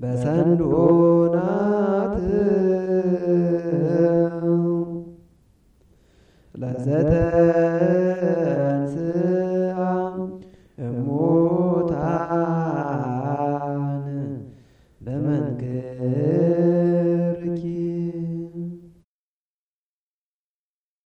በሰንዶናት ናት ለዘተንስአ እሙታን በመንግስት